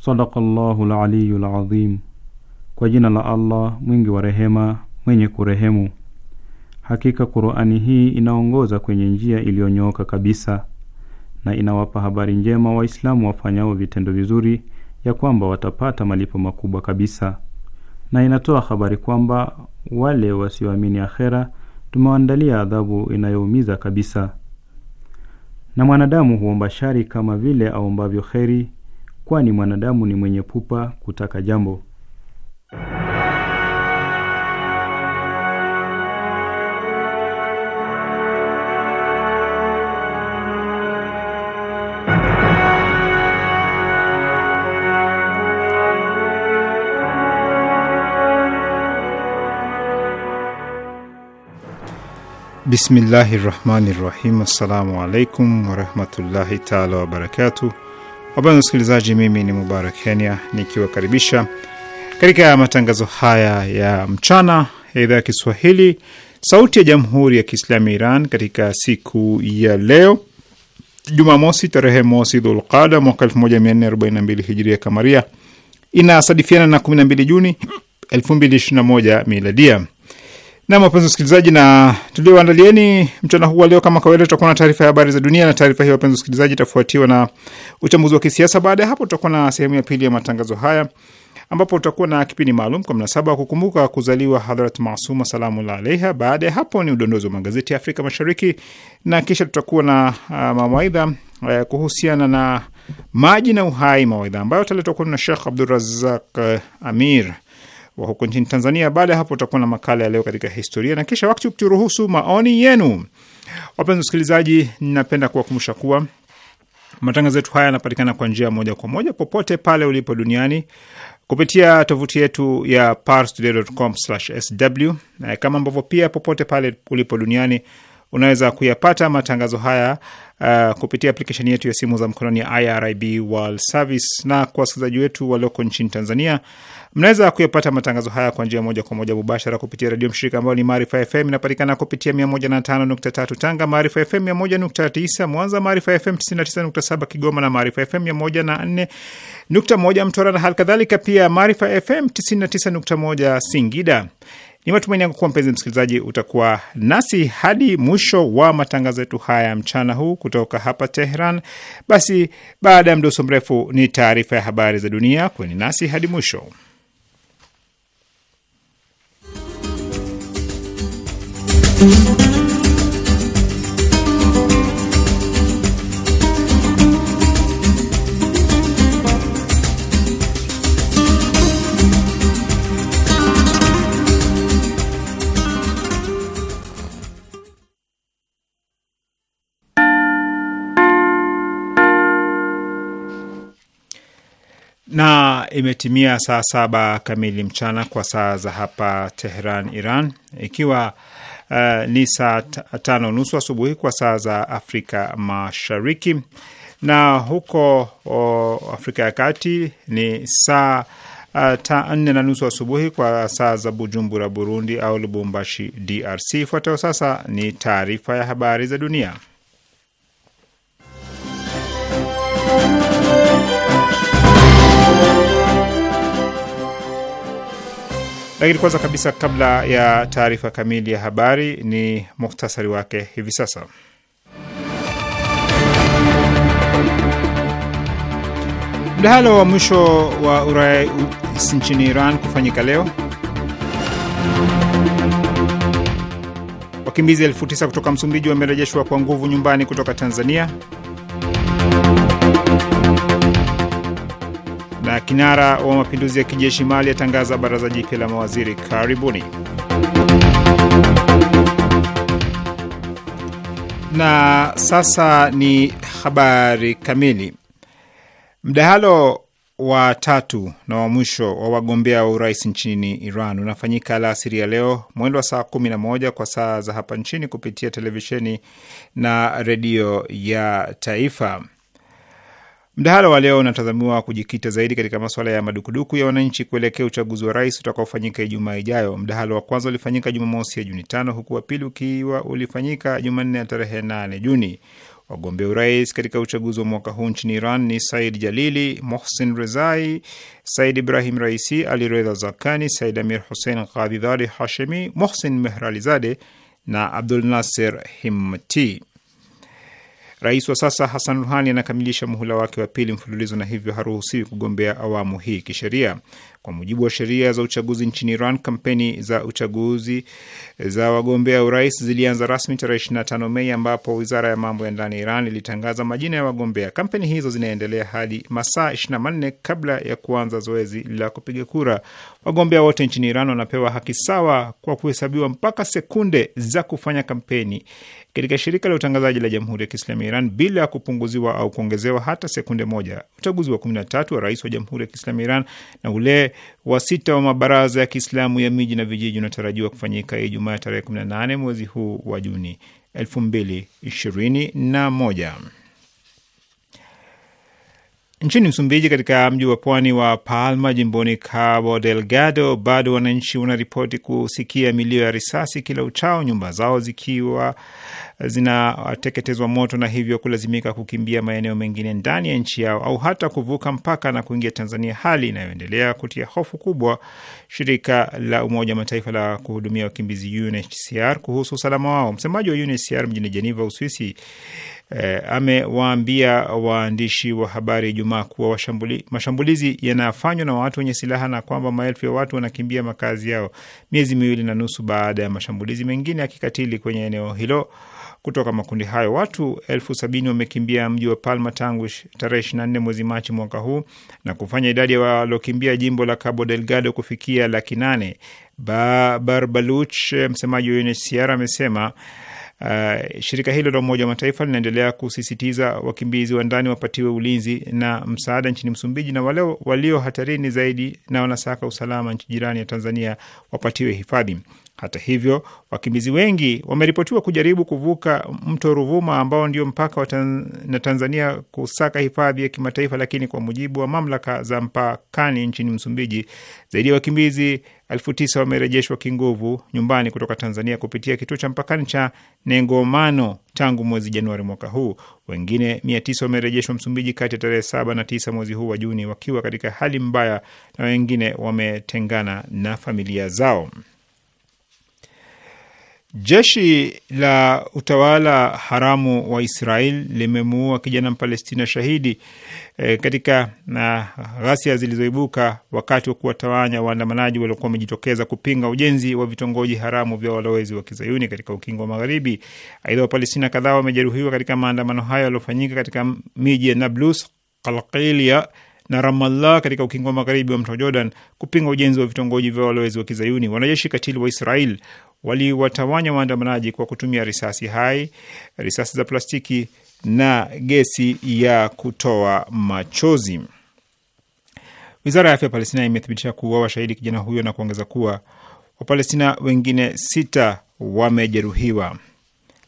Sadaqallahu laliyu aliyul Kwa jina la Allah mwingi wa rehema mwenye kurehemu. Hakika Qur'ani hii inaongoza kwenye njia iliyonyooka kabisa na inawapa habari njema Waislamu wafanyao vitendo vizuri ya kwamba watapata malipo makubwa kabisa na inatoa habari kwamba wale wasioamini akhera tumewaandalia adhabu inayoumiza kabisa. Na mwanadamu huomba shari kama vile aombavyo kheri, kwani mwanadamu ni mwenye pupa kutaka jambo. Bismillahi rahmani rahim. Assalamu alaikum warahmatullahi taala wabarakatu. Wapenzi wasikilizaji, mimi ni Mubarak Kenya nikiwakaribisha katika matangazo haya ya mchana ya idhaa ya Kiswahili sauti ya jamhuri ya kiislami ya Iran katika siku ya leo Jumamosi tarehe mosi Dhulqada mwaka 1442 hijiria kamaria inasadifiana na 12 Juni 2021 miladia. Na wapenzi wasikilizaji, na tulioandalieni mchana huu wa leo, kama kawaida, tutakuwa na taarifa ya habari za dunia, na taarifa hiyo, wapenzi wasikilizaji, itafuatiwa na uchambuzi wa kisiasa. Baada ya hapo, tutakuwa na sehemu ya pili ya matangazo haya, ambapo tutakuwa na kipindi maalum kwa mnasaba wa kukumbuka kuzaliwa Hadhrat Masuma Salamullah alaiha. Baada ya hapo ni udondozi wa magazeti ya Afrika Mashariki, na kisha tutakuwa na uh, mawaidha uh, kuhusiana na maji na uhai, mawaidha ambayo ataletwa kwenu na Shekh Abdurazak uh, Amir wa huko nchini Tanzania. Baada ya hapo, tutakuwa na makala ya leo katika historia na kisha wakati ukituruhusu, maoni yenu. Wapenzi wasikilizaji, ninapenda kuwakumbusha kuwa matangazo yetu haya yanapatikana kwa njia moja kwa moja popote pale ulipo duniani kupitia tovuti yetu ya parstoday.com/sw, kama ambavyo pia popote pale ulipo duniani unaweza kuyapata matangazo haya uh, kupitia aplikesheni yetu ya simu za mkononi ya IRIB World Service. Na kwa wasikilizaji wetu walioko nchini Tanzania, mnaweza kuyapata matangazo haya kwa njia moja kwa moja mubashara kupitia redio mshirika ambayo ni Maarifa FM, inapatikana kupitia 105.3 Tanga, Maarifa FM 101.9 Mwanza, Maarifa FM 99.7 Kigoma na Maarifa FM 104.1 Mtwara na hali kadhalika, pia Maarifa FM 99.1 Singida. Ni matumaini yangu kuwa mpenzi msikilizaji utakuwa nasi hadi mwisho wa matangazo yetu haya ya mchana huu kutoka hapa Tehran. Basi baada ya mdoso mrefu ni taarifa ya habari za dunia, kweni nasi hadi mwisho. na imetimia saa saba kamili mchana kwa saa za hapa Tehran, Iran, ikiwa uh, ni saa tano nusu asubuhi kwa saa za Afrika Mashariki, na huko o, Afrika ya Kati ni saa uh, nne na nusu asubuhi kwa saa za Bujumbura, Burundi, au Lubumbashi, DRC. Ifuatayo sasa ni taarifa ya habari za dunia. Lakini kwanza kabisa, kabla ya taarifa kamili ya habari, ni muhtasari wake hivi sasa. Mdahalo wa mwisho wa urais nchini Iran kufanyika leo. Wakimbizi elfu tisa kutoka Msumbiji wamerejeshwa kwa nguvu nyumbani kutoka Tanzania. Kinara wa mapinduzi ya kijeshi Mali atangaza baraza jipya la mawaziri karibuni. Na sasa ni habari kamili. Mdahalo wa tatu na wa mwisho wa wagombea wa urais nchini Iran unafanyika alasiri ya leo mwendo wa saa kumi na moja kwa saa za hapa nchini kupitia televisheni na redio ya taifa. Mdahalo wa leo unatazamiwa kujikita zaidi katika masuala ya madukuduku ya wananchi kuelekea uchaguzi wa rais utakaofanyika Ijumaa ijayo. Mdahalo wa kwanza ulifanyika Jumamosi ya Juni tano huku wa pili ukiwa ulifanyika Jumanne ya tarehe nane Juni. Wagombea urais katika uchaguzi wa mwaka huu nchini Iran ni Said Jalili, Mohsin Rezai, Said Ibrahim Raisi, Ali Redha Zakani, Said Amir Hussein ghadhidhadi Hashemi, mohsin Mehralizade na Abdul Nasir Himmati. Rais wa sasa Hasan Ruhani anakamilisha muhula wake wa pili mfululizo na hivyo haruhusiwi kugombea awamu hii kisheria. Kwa mujibu wa sheria za uchaguzi nchini Iran, kampeni za uchaguzi za wagombea urais zilianza rasmi tarehe 25 Mei, ambapo wizara ya mambo ya ndani ya Iran ilitangaza majina ya wagombea. Kampeni hizo zinaendelea hadi masaa 24 kabla ya kuanza zoezi la kupiga kura. Wagombea wote nchini Iran wanapewa haki sawa kwa kuhesabiwa mpaka sekunde za kufanya kampeni katika shirika la utangazaji la Jamhuri ya Kiislamu ya Iran bila ya kupunguziwa au kuongezewa hata sekunde moja. Uchaguzi wa 13 wa rais wa Jamhuri ya Kiislamu ya Iran na ule wa sita wa mabaraza ya Kiislamu ya miji na vijiji unatarajiwa kufanyika Ijumaa ya tarehe 18 mwezi huu wa Juni 2021. Nchini Msumbiji, katika mji wa pwani wa Palma jimboni Cabo Delgado, bado wananchi wanaripoti kusikia milio ya risasi kila uchao, nyumba zao zikiwa zinateketezwa moto na hivyo kulazimika kukimbia maeneo mengine ndani ya nchi yao au hata kuvuka mpaka na kuingia Tanzania, hali inayoendelea kutia hofu kubwa shirika la Umoja wa Mataifa la kuhudumia wakimbizi UNHCR kuhusu usalama wao. Msemaji wa UNHCR mjini Jeneva, Uswisi, eh, amewaambia waandishi wa habari Ijumaa kuwa washambuli, mashambulizi yanafanywa na watu wenye silaha na kwamba maelfu ya watu wanakimbia makazi yao miezi miwili na nusu baada ya mashambulizi mengine ya kikatili kwenye eneo hilo kutoka makundi hayo. Watu elfu sabini wamekimbia mji wa Palma tangu tarehe 24 mwezi Machi mwaka huu na kufanya idadi ya waliokimbia jimbo la Cabo Delgado kufikia laki nane. Babar Baluch, msemaji wa UNHCR, amesema Uh, shirika hilo la Umoja wa Mataifa linaendelea kusisitiza wakimbizi wa ndani wapatiwe ulinzi na msaada nchini Msumbiji, na wale walio hatarini zaidi na wanasaka usalama nchi jirani ya Tanzania wapatiwe hifadhi. Hata hivyo, wakimbizi wengi wameripotiwa kujaribu kuvuka mto Ruvuma ambao ndio mpaka wa tan na Tanzania kusaka hifadhi ya kimataifa, lakini kwa mujibu wa mamlaka za mpakani nchini Msumbiji, zaidi ya wakimbizi elfu tisa wamerejeshwa kinguvu nyumbani kutoka Tanzania kupitia kituo cha mpakani cha Nengomano tangu mwezi Januari mwaka huu. Wengine mia tisa wamerejeshwa Msumbiji kati ya tarehe saba na tisa mwezi huu wa Juni wakiwa katika hali mbaya, na wengine wametengana na familia zao. Jeshi la utawala haramu wa Israel limemuua kijana Mpalestina shahidi e, katika na ghasia zilizoibuka wakati wa kuwatawanya waandamanaji waliokuwa wamejitokeza kupinga ujenzi wa vitongoji haramu vya walowezi wa kizayuni katika ukingo wa Magharibi. Aidha, Wapalestina kadhaa wamejeruhiwa katika maandamano hayo yaliyofanyika katika miji ya Nablus, Kalkilia na Ramallah katika ukingo wa magharibi wa mto Jordan kupinga ujenzi wa vitongoji vya walowezi wa kizayuni. Wanajeshi katili wa Israel waliwatawanya waandamanaji kwa kutumia risasi hai, risasi za plastiki na gesi ya kutoa machozi. Wizara ya afya ya Palestina imethibitisha kuuawa shahidi kijana huyo na kuongeza kuwa Wapalestina wengine sita wamejeruhiwa.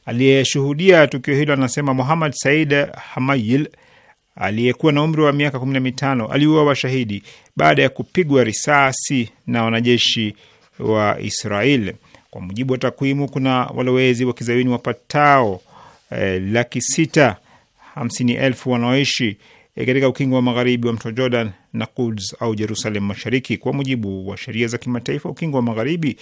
Aliyeshuhudia tukio hilo anasema Muhamad Said Hamayil aliyekuwa na umri wa miaka kumi na mitano aliuawa shahidi baada ya kupigwa risasi na wanajeshi wa Israel. Kwa mujibu wa takwimu, kuna walowezi wa kizayuni wapatao eh, laki sita hamsini elfu wanaoishi eh, katika ukingo wa magharibi wa mto Jordan na Quds au Jerusalem Mashariki. Kwa mujibu wa sheria za kimataifa, ukingo wa magharibi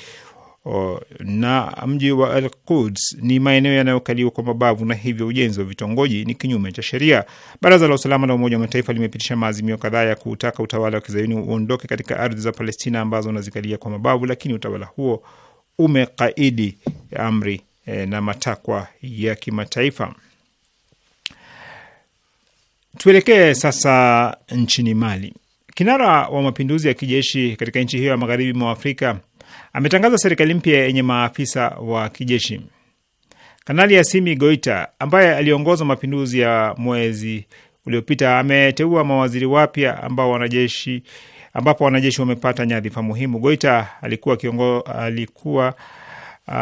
o, na mji wa Al Quds ni maeneo yanayokaliwa kwa mabavu na hivyo ujenzi wa vitongoji ni kinyume cha sheria. Baraza la Usalama la Umoja wa Mataifa limepitisha maazimio kadhaa ya kutaka utawala wa kizayuni uondoke katika ardhi za Palestina ambazo unazikalia kwa mabavu, lakini utawala huo umekaidi amri e, na matakwa ya kimataifa. Tuelekee sasa nchini Mali. Kinara wa mapinduzi ya kijeshi katika nchi hiyo ya magharibi mwa Afrika ametangaza serikali mpya yenye maafisa wa kijeshi. Kanali Asimi Goita ambaye aliongoza mapinduzi ya mwezi uliopita ameteua mawaziri wapya ambao wanajeshi ambapo wanajeshi wamepata nyadhifa muhimu. Goita alikuwa kiongo, alikuwa Uh,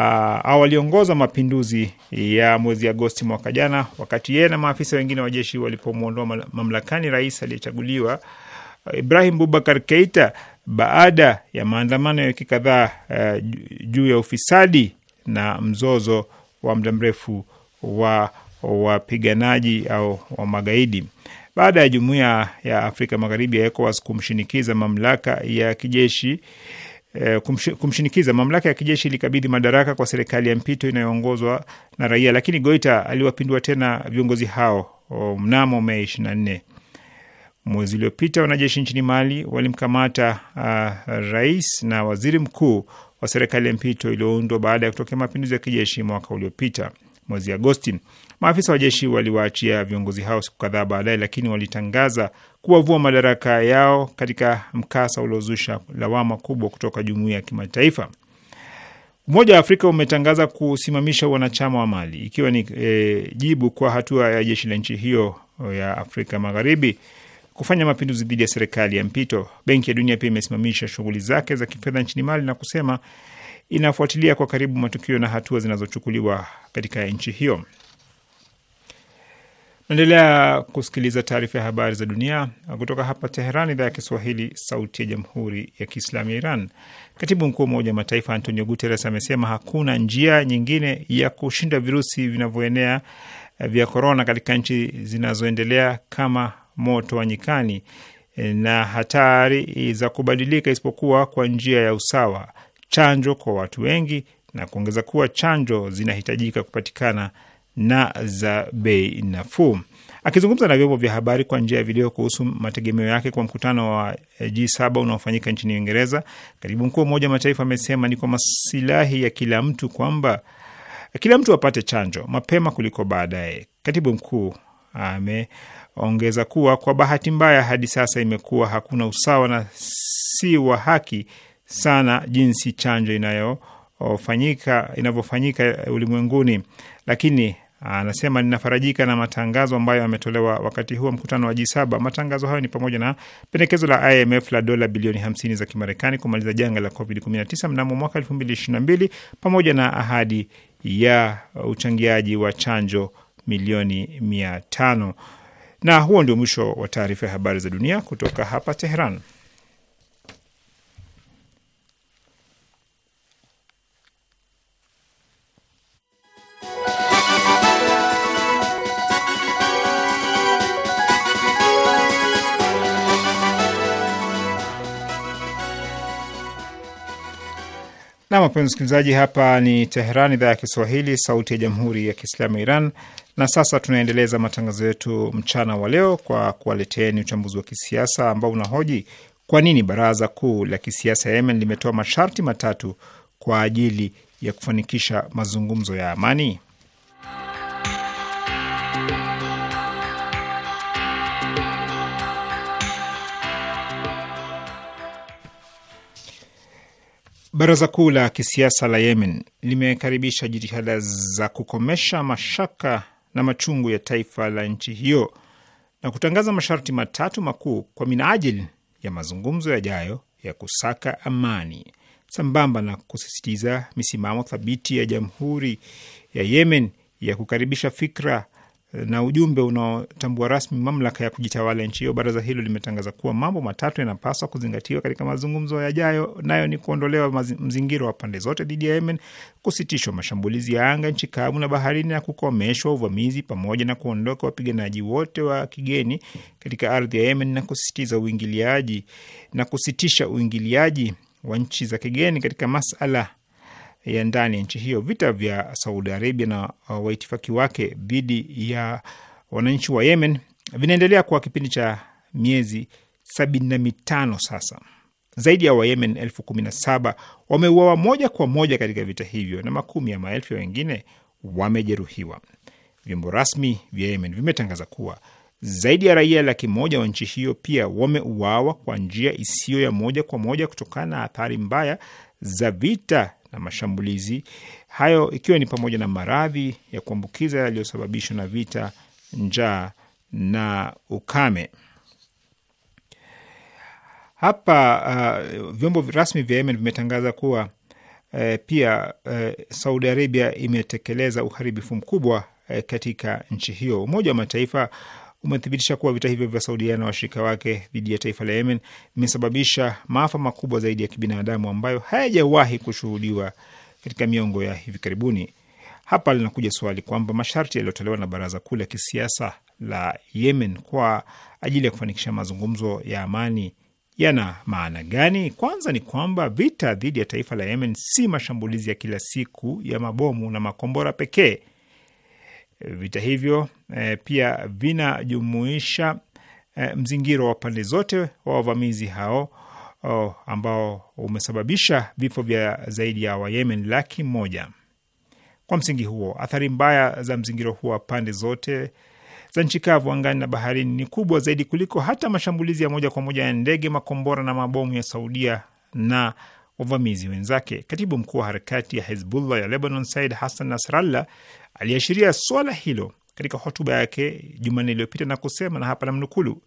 au aliongoza mapinduzi ya mwezi Agosti mwaka jana, wakati yeye na maafisa wengine wa jeshi walipomwondoa mamlakani rais aliyechaguliwa eh, Ibrahim Bubakar Keita baada ya maandamano ya wiki kadhaa uh, juu ya ufisadi na mzozo wa muda mrefu wa wapiganaji au wa magaidi baada ya jumuiya ya Afrika Magharibi ya ECOWAS kumshinikiza mamlaka ya kijeshi eh, kumshinikiza mamlaka ya kijeshi ilikabidhi madaraka kwa serikali ya mpito inayoongozwa na raia, lakini Goita aliwapindua tena viongozi hao mnamo Mei 24. Mwezi uliopita wanajeshi nchini Mali walimkamata uh, rais na waziri mkuu wa serikali ya mpito iliyoundwa baada ya kutokea mapinduzi ya kijeshi mwaka uliopita. Mwezi Agosti, Maafisa wa jeshi waliwaachia viongozi hao siku kadhaa baadaye, lakini walitangaza kuwavua madaraka yao katika mkasa uliozusha lawama kubwa kutoka jumuiya ya kimataifa. Umoja wa Afrika umetangaza kusimamisha wanachama wa Mali ikiwa ni e, jibu kwa hatua ya jeshi la nchi hiyo ya Afrika Magharibi kufanya mapinduzi dhidi ya serikali ya mpito. Benki ya Dunia pia imesimamisha shughuli zake za kifedha nchini Mali na kusema inafuatilia kwa karibu matukio na hatua zinazochukuliwa katika nchi hiyo. Naendelea kusikiliza taarifa ya habari za dunia kutoka hapa Teheran, idhaa ya Kiswahili, sauti ya jamhuri ya kiislamu ya Iran. Katibu mkuu wa Umoja wa Mataifa Antonio Guterres amesema hakuna njia nyingine ya kushinda virusi vinavyoenea vya korona katika nchi zinazoendelea kama moto wa nyikani eh, na hatari za kubadilika isipokuwa kwa njia ya usawa, chanjo kwa watu wengi, na kuongeza kuwa chanjo zinahitajika kupatikana na za bei nafuu. Akizungumza na vyombo vya habari kwa njia ya video kuhusu mategemeo yake kwa mkutano wa eh, G7 unaofanyika nchini Uingereza, katibu mkuu wa Umoja wa Mataifa amesema ni kwa masilahi ya kila mtu kwamba eh, kila mtu apate chanjo mapema kuliko baadaye. Katibu mkuu ameongeza kuwa kwa bahati mbaya, hadi sasa imekuwa hakuna usawa na si wa haki sana jinsi chanjo inayofanyika oh, inavyofanyika ulimwenguni, lakini anasema ninafarajika na matangazo ambayo ametolewa wakati huu wa mkutano wa G7. Matangazo hayo ni pamoja na pendekezo la IMF la dola bilioni 50 za Kimarekani kumaliza janga la COVID-19 mnamo mwaka 2022 pamoja na ahadi ya uchangiaji wa chanjo milioni 500. Na huo ndio mwisho wa taarifa ya habari za dunia kutoka hapa Teheran. Na wapenzi msikilizaji, hapa ni Teheran, idhaa ya Kiswahili, sauti ya jamhuri ya kiislamu ya Iran. Na sasa tunaendeleza matangazo yetu mchana wa leo kwa kuwaleteeni uchambuzi wa kisiasa ambao unahoji kwa nini baraza kuu la kisiasa ya Yemen limetoa masharti matatu kwa ajili ya kufanikisha mazungumzo ya amani. Baraza kuu la kisiasa la Yemen limekaribisha jitihada za kukomesha mashaka na machungu ya taifa la nchi hiyo na kutangaza masharti matatu makuu kwa minajili ya mazungumzo yajayo ya kusaka amani, sambamba na kusisitiza misimamo thabiti ya Jamhuri ya Yemen ya kukaribisha fikra na ujumbe unaotambua rasmi mamlaka ya kujitawala nchi hiyo, baraza hilo limetangaza kuwa mambo matatu yanapaswa kuzingatiwa katika mazungumzo yajayo, nayo ni kuondolewa mzingiro wa pande zote dhidi ya Yemen, kusitishwa mashambulizi ya anga, nchi kavu na baharini, na kukomeshwa uvamizi, pamoja na kuondoka wapiganaji wote wa kigeni katika ardhi ya Yemen, na kusisitiza uingiliaji na kusitisha uingiliaji wa nchi za kigeni katika masala ya ndani ya nchi hiyo. Vita vya Saudi Arabia na uh, waitifaki wake dhidi ya wananchi wa Yemen vinaendelea kwa kipindi cha miezi sabini na mitano sasa. Zaidi ya Wayemen elfu kumi na saba wameuawa moja kwa moja katika vita hivyo na makumi ya maelfu ya wengine wamejeruhiwa. Vyombo rasmi vya Yemen vimetangaza kuwa zaidi ya raia laki moja wa nchi hiyo pia wameuawa kwa njia isiyo ya moja kwa moja kutokana na athari mbaya za vita na mashambulizi hayo, ikiwa ni pamoja na maradhi ya kuambukiza yaliyosababishwa na vita, njaa na ukame. Hapa uh, vyombo rasmi vya Yemen vimetangaza kuwa uh, pia uh, Saudi Arabia imetekeleza uharibifu mkubwa uh, katika nchi hiyo. Umoja wa Mataifa umethibitisha kuwa vita hivyo vya Saudia na washirika wake dhidi ya taifa la Yemen vimesababisha maafa makubwa zaidi ya kibinadamu ambayo hayajawahi kushuhudiwa katika miongo ya hivi karibuni. Hapa linakuja swali kwamba masharti yaliyotolewa na baraza kuu la kisiasa la Yemen kwa ajili ya kufanikisha mazungumzo ya amani yana maana gani? Kwanza ni kwamba vita dhidi ya taifa la Yemen si mashambulizi ya kila siku ya mabomu na makombora pekee, Vita hivyo eh, pia vinajumuisha eh, mzingiro wa pande zote wa wavamizi hao oh, ambao umesababisha vifo vya zaidi ya Wayemen laki moja. Kwa msingi huo, athari mbaya za mzingiro huo wa pande zote za nchi kavu, angani na baharini ni kubwa zaidi kuliko hata mashambulizi ya moja kwa moja ya ndege, makombora na mabomu ya Saudia na wavamizi wenzake. Katibu mkuu wa harakati ya Hezbullah ya Lebanon, Said Hassan Nasrallah aliashiria swala hilo katika hotuba yake Jumanne iliyopita na kusema, na hapa namnukulu: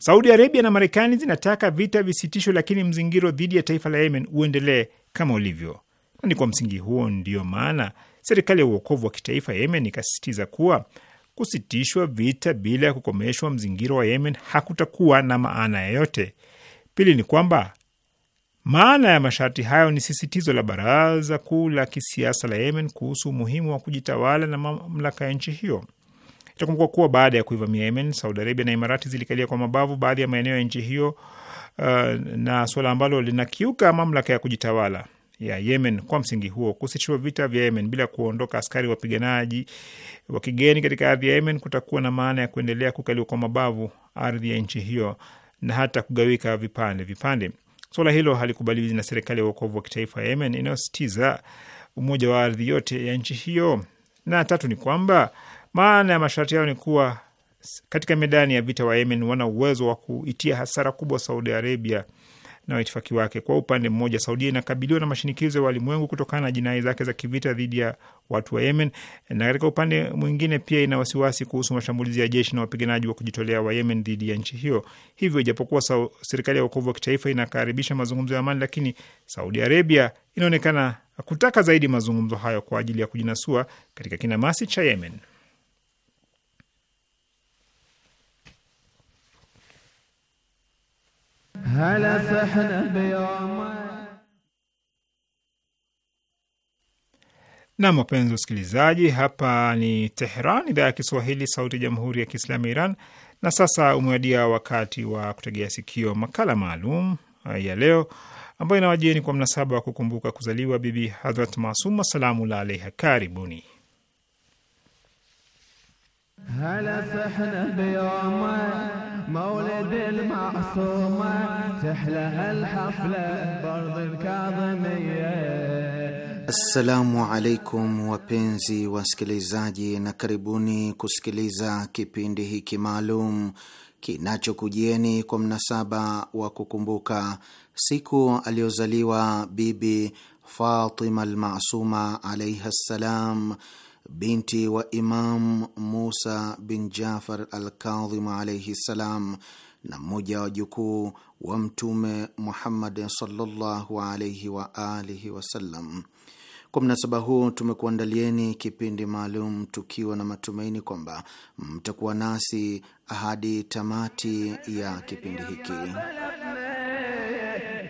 Saudi Arabia na Marekani zinataka vita visitishwe, lakini mzingiro dhidi ya taifa la Yemen uendelee kama ulivyo, na ni kwa msingi huo ndiyo maana serikali ya uokovu wa kitaifa ya Yemen ikasisitiza kuwa kusitishwa vita bila ya kukomeshwa mzingiro wa Yemen hakutakuwa na maana yoyote. Pili ni kwamba maana ya masharti hayo ni sisitizo la baraza kuu la kisiasa la Yemen kuhusu umuhimu wa kujitawala na mamlaka ya nchi hiyo. Itakumbuka kuwa baada ya kuivamia Yemen, Saudi Arabia na Imarati zilikalia kwa mabavu baadhi ya maeneo ya nchi hiyo, uh, na suala ambalo linakiuka mamlaka ya kujitawala ya Yemen. Kwa msingi huo, kusitishwa vita vya Yemen bila kuondoka askari wapiganaji wa kigeni katika ardhi ya Yemen kutakuwa na maana ya kuendelea kukaliwa kwa mabavu ardhi ya nchi hiyo na hata kugawika vipande vipande. Suala hilo halikubaliwi na serikali ya uokovu wa kitaifa ya Yemen inayositiza umoja wa ardhi yote ya nchi hiyo. Na tatu ni kwamba maana ya masharti hayo ni kuwa katika medani ya vita wa Yemen wana uwezo wa kuitia hasara kubwa Saudi Arabia na waitifaki wake. Kwa upande mmoja, Saudia inakabiliwa na mashinikizo ya walimwengu kutokana na jinai zake za kivita dhidi ya watu wa Yemen, na katika upande mwingine pia ina wasiwasi kuhusu mashambulizi ya jeshi na wapiganaji wa kujitolea wa Yemen dhidi ya nchi hiyo. Hivyo, ijapokuwa serikali ya wokovu wa kitaifa inakaribisha mazungumzo ya amani, lakini Saudi Arabia inaonekana kutaka zaidi mazungumzo hayo kwa ajili ya kujinasua katika kinamasi cha Yemen. هلا احنا بيوم Nam, wapenzi usikilizaji hapa ni Teheran, idhaa ya Kiswahili, sauti ya jamhuri ya kiislamu ya Iran. Na sasa umewadia wakati wa kutegea sikio makala maalum ya leo ambayo inawajieni kwa mnasaba wa kukumbuka kuzaliwa Bibi Hadhrat Masuma Salamullah alaiha. Karibuni. مولد المعصومة تحلى الحفلة برض الكاظمية Assalamu alaikum wapenzi wasikilizaji, na karibuni kusikiliza kipindi hiki maalum kinachokujieni kwa mnasaba wa kukumbuka siku aliyozaliwa Bibi Fatima Almasuma alaihi ssalam binti wa Imam Musa bin Jafar al Kadhim alaihi ssalam, na mmoja wa jukuu wa Mtume Muhammad sallallahu alaihi wa alihi wasallam. Kwa mnasaba huu tumekuandalieni kipindi maalum tukiwa na matumaini kwamba mtakuwa nasi hadi tamati ya kipindi hiki.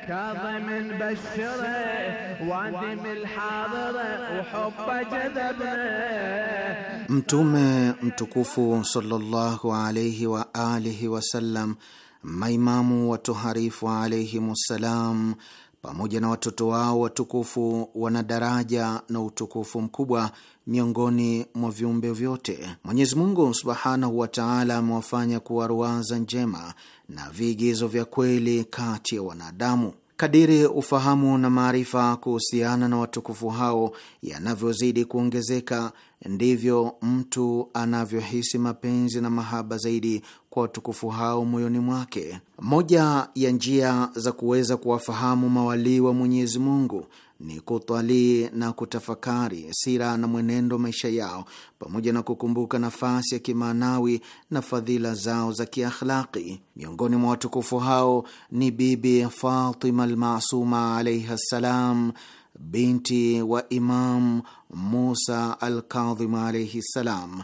كاظم بشره وادم الحاضره وحبه جذبنا Mtume mtukufu sallallahu alayhi wa alihi wasallam, maimamu watoharifu alayhimussalam, pamoja na watoto wao watukufu wana daraja na utukufu mkubwa miongoni mwa viumbe vyote. Mwenyezi Mungu subhanahu wa taala amewafanya kuwa ruwaza njema na viigizo vya kweli kati ya wanadamu. Kadiri ufahamu na maarifa kuhusiana na watukufu hao yanavyozidi kuongezeka, ndivyo mtu anavyohisi mapenzi na mahaba zaidi kwa watukufu hao moyoni mwake. Moja ya njia za kuweza kuwafahamu mawalii wa Mwenyezi Mungu ni kutwalii na kutafakari sira na mwenendo maisha yao pamoja na kukumbuka nafasi ya kimaanawi na fadhila zao za kiakhlaqi. Miongoni mwa watukufu hao ni Bibi Fatima Almasuma alaihi ssalam, binti wa Imam Musa Alkadhim alaihi ssalam,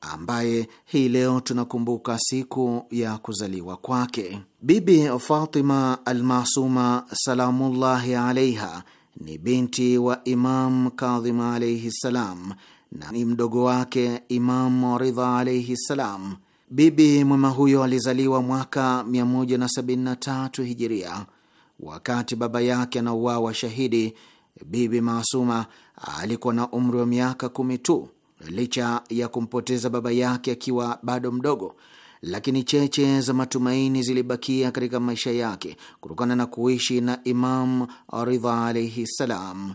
ambaye hii leo tunakumbuka siku ya kuzaliwa kwake. Bibi Fatima Almasuma salamullahi alaiha ni binti wa Imam Kadhim alaihi ssalam na ni mdogo wake Imam Ridha alaihi ssalam. Bibi mwema huyo alizaliwa mwaka 173 hijiria. Wakati baba yake anauawa shahidi, Bibi Maasuma alikuwa na umri wa miaka kumi tu. Licha ya kumpoteza baba yake akiwa bado mdogo, lakini cheche za matumaini zilibakia katika maisha yake kutokana na kuishi na Imam Ridha alaihi ssalam.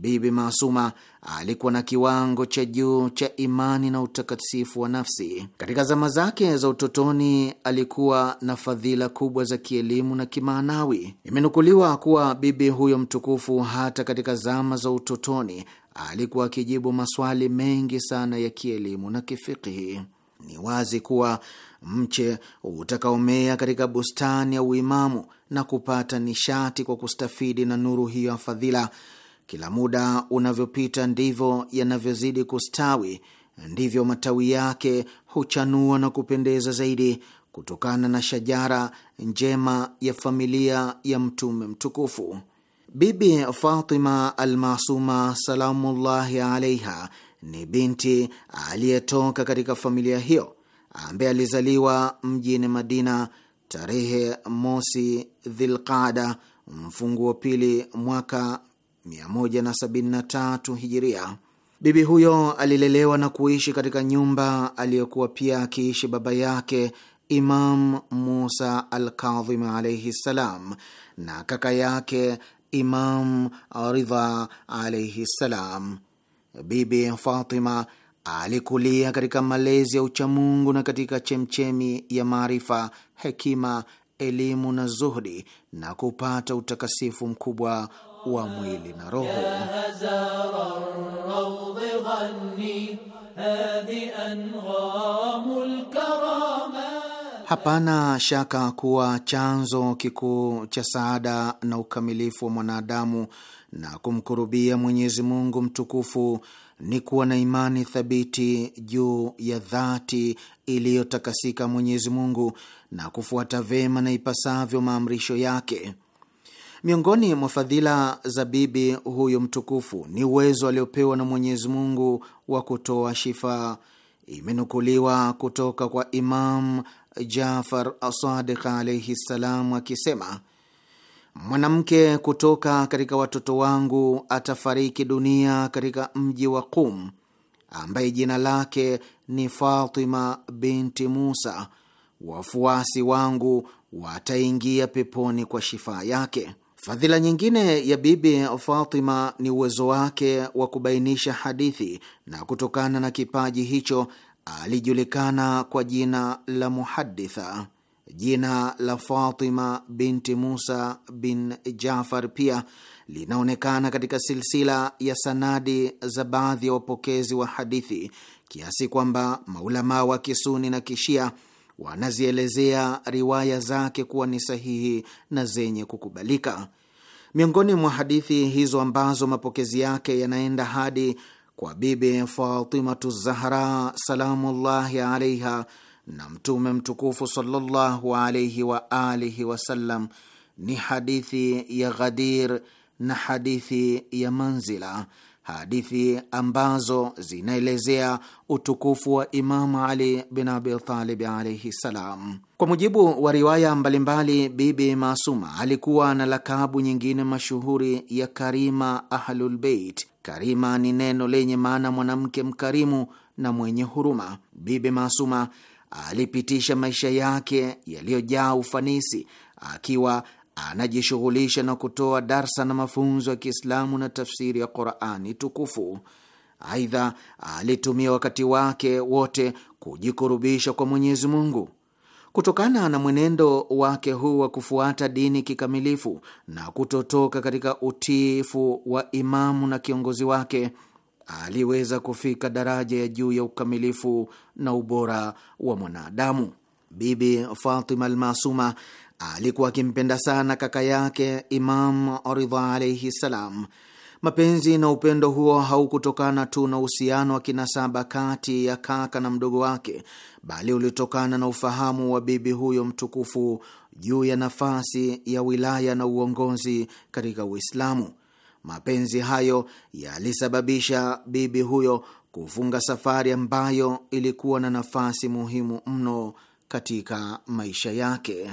Bibi Maasuma alikuwa na kiwango cha juu cha imani na utakatifu wa nafsi. Katika zama zake za utotoni, alikuwa na fadhila kubwa za kielimu na kimaanawi. Imenukuliwa kuwa bibi huyo mtukufu, hata katika zama za utotoni, alikuwa akijibu maswali mengi sana ya kielimu na kifikihi. Ni wazi kuwa mche utakaomea katika bustani ya uimamu na kupata nishati kwa kustafidi na nuru hiyo ya fadhila. Kila muda unavyopita ndivyo yanavyozidi kustawi, ndivyo matawi yake huchanua na kupendeza zaidi, kutokana na shajara njema ya familia ya Mtume mtukufu. Bibi Fatima Almasuma salamullahi alaiha ni binti aliyetoka katika familia hiyo ambaye alizaliwa mjini Madina tarehe mosi Dhilqada mfunguo pili mwaka 173 hijiria. Bibi huyo alilelewa na kuishi katika nyumba aliyokuwa pia akiishi baba yake Imam Musa Alkadhim alaihi ssalam na kaka yake Imam Ridha alaihi ssalam. Bibi Fatima Alikulia katika malezi ya uchamungu na katika chemchemi ya maarifa, hekima, elimu na zuhdi, na kupata utakasifu mkubwa wa mwili na roho. Hapana shaka kuwa chanzo kikuu cha saada na ukamilifu wa mwanadamu na kumkurubia Mwenyezi Mungu mtukufu ni kuwa na imani thabiti juu ya dhati iliyotakasika Mwenyezi Mungu na kufuata vema na ipasavyo maamrisho yake. Miongoni mwa fadhila za bibi huyu mtukufu ni uwezo aliopewa na Mwenyezi Mungu wa kutoa shifaa. Imenukuliwa kutoka kwa Imam Jafar Sadiq alaihi ssalam akisema mwanamke kutoka katika watoto wangu atafariki dunia katika mji wa Qum, ambaye jina lake ni Fatima binti Musa. Wafuasi wangu wataingia peponi kwa shifaa yake. Fadhila nyingine ya Bibi Fatima ni uwezo wake wa kubainisha hadithi, na kutokana na kipaji hicho alijulikana kwa jina la Muhaditha. Jina la Fatima binti Musa bin Jafar pia linaonekana katika silsila ya sanadi za baadhi ya wapokezi wa hadithi kiasi kwamba maulamaa wa Kisuni na Kishia wanazielezea riwaya zake kuwa ni sahihi na zenye kukubalika. Miongoni mwa hadithi hizo ambazo mapokezi yake yanaenda hadi kwa Bibi Fatimatu Zahra salamullahi alaiha na Mtume mtukufu sallallahu alaihi wa alihi wasallam ni hadithi ya Ghadir na hadithi ya Manzila, hadithi ambazo zinaelezea utukufu wa Imamu Ali bin Abitalib alaihi salam. Kwa mujibu wa riwaya mbalimbali, Bibi Masuma alikuwa na lakabu nyingine mashuhuri ya Karima Ahlulbeit. Karima ni neno lenye maana mwanamke mkarimu na mwenye huruma. Bibi Masuma alipitisha maisha yake yaliyojaa ufanisi akiwa anajishughulisha na kutoa darsa na mafunzo ya Kiislamu na tafsiri ya Qurani tukufu. Aidha, alitumia wakati wake wote kujikurubisha kwa Mwenyezi Mungu. Kutokana na mwenendo wake huu wa kufuata dini kikamilifu na kutotoka katika utiifu wa imamu na kiongozi wake aliweza kufika daraja ya juu ya ukamilifu na ubora wa mwanadamu. Bibi Fatima Almasuma alikuwa akimpenda sana kaka yake Imam Ridha alaihi ssalam Mapenzi na upendo huo haukutokana tu na uhusiano wa kinasaba kati ya kaka na mdogo wake, bali ulitokana na ufahamu wa bibi huyo mtukufu juu ya nafasi ya wilaya na uongozi katika Uislamu. Mapenzi hayo yalisababisha bibi huyo kufunga safari ambayo ilikuwa na nafasi muhimu mno katika maisha yake.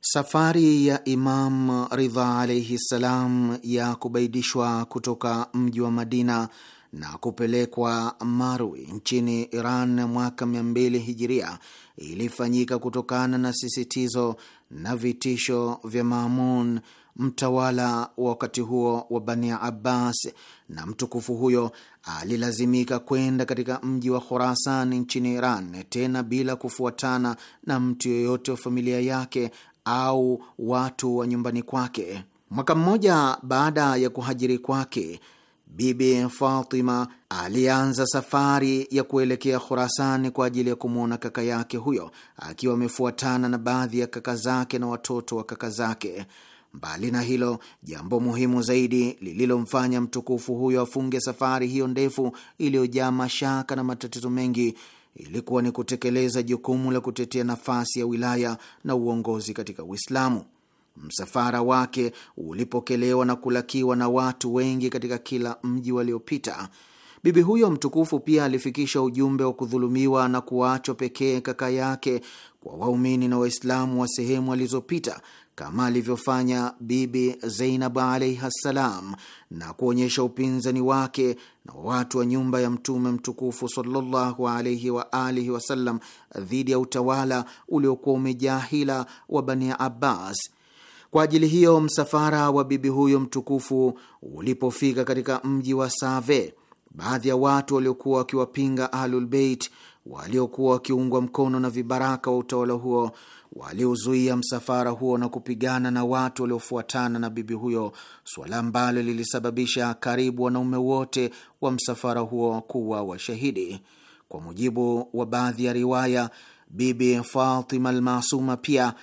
Safari ya Imam Ridha alaihi ssalam ya kubaidishwa kutoka mji wa Madina na kupelekwa Marwi nchini Iran mwaka mia mbili hijiria ilifanyika kutokana na sisitizo na vitisho vya Mamun, mtawala wa wakati huo wa Bani Abbas, na mtukufu huyo alilazimika kwenda katika mji wa Khurasan nchini Iran, tena bila kufuatana na mtu yoyote wa familia yake au watu wa nyumbani kwake. Mwaka mmoja baada ya kuhajiri kwake Bibi Fatima alianza safari ya kuelekea Khurasani kwa ajili ya kumwona kaka yake huyo, akiwa amefuatana na baadhi ya kaka zake na watoto wa kaka zake. Mbali na hilo, jambo muhimu zaidi lililomfanya mtukufu huyo afunge safari hiyo ndefu iliyojaa mashaka na matatizo mengi ilikuwa ni kutekeleza jukumu la kutetea nafasi ya wilaya na uongozi katika Uislamu. Msafara wake ulipokelewa na kulakiwa na watu wengi katika kila mji waliopita. Bibi huyo mtukufu pia alifikisha ujumbe wa kudhulumiwa na kuachwa pekee kaka yake kwa waumini na Waislamu wa sehemu alizopita kama alivyofanya Bibi Zainab alaihi ssalam, na kuonyesha upinzani wake na watu wa nyumba ya Mtume mtukufu sallallahu alaihi wa alihi wasallam dhidi ya utawala uliokuwa umejaa hila wa Bani Abbas kwa ajili hiyo msafara wa bibi huyo mtukufu ulipofika katika mji wa Save, baadhi ya watu waliokuwa wakiwapinga Ahlulbeit waliokuwa wakiungwa mkono na vibaraka wa utawala huo waliozuia msafara huo na kupigana na watu waliofuatana na bibi huyo, suala ambalo lilisababisha karibu wanaume wote wa msafara huo kuwa washahidi. Kwa mujibu wa baadhi ya riwaya, Bibi Fatima Almasuma pia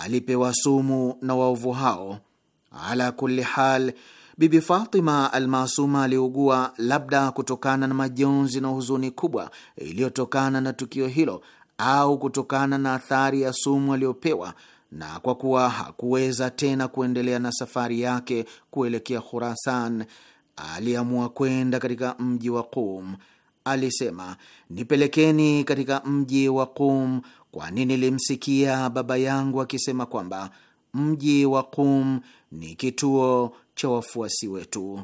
alipewa sumu na waovu hao. Ala kulli hal, Bibi Fatima Almasuma aliugua, labda kutokana na majonzi na huzuni kubwa iliyotokana na tukio hilo au kutokana na athari ya sumu aliyopewa, na kwa kuwa hakuweza tena kuendelea na safari yake kuelekea Khurasan, aliamua kwenda katika mji wa Qum. Alisema, nipelekeni katika mji wa Qum kwani nilimsikia baba yangu akisema kwamba mji wa Qum ni kituo cha wafuasi wetu.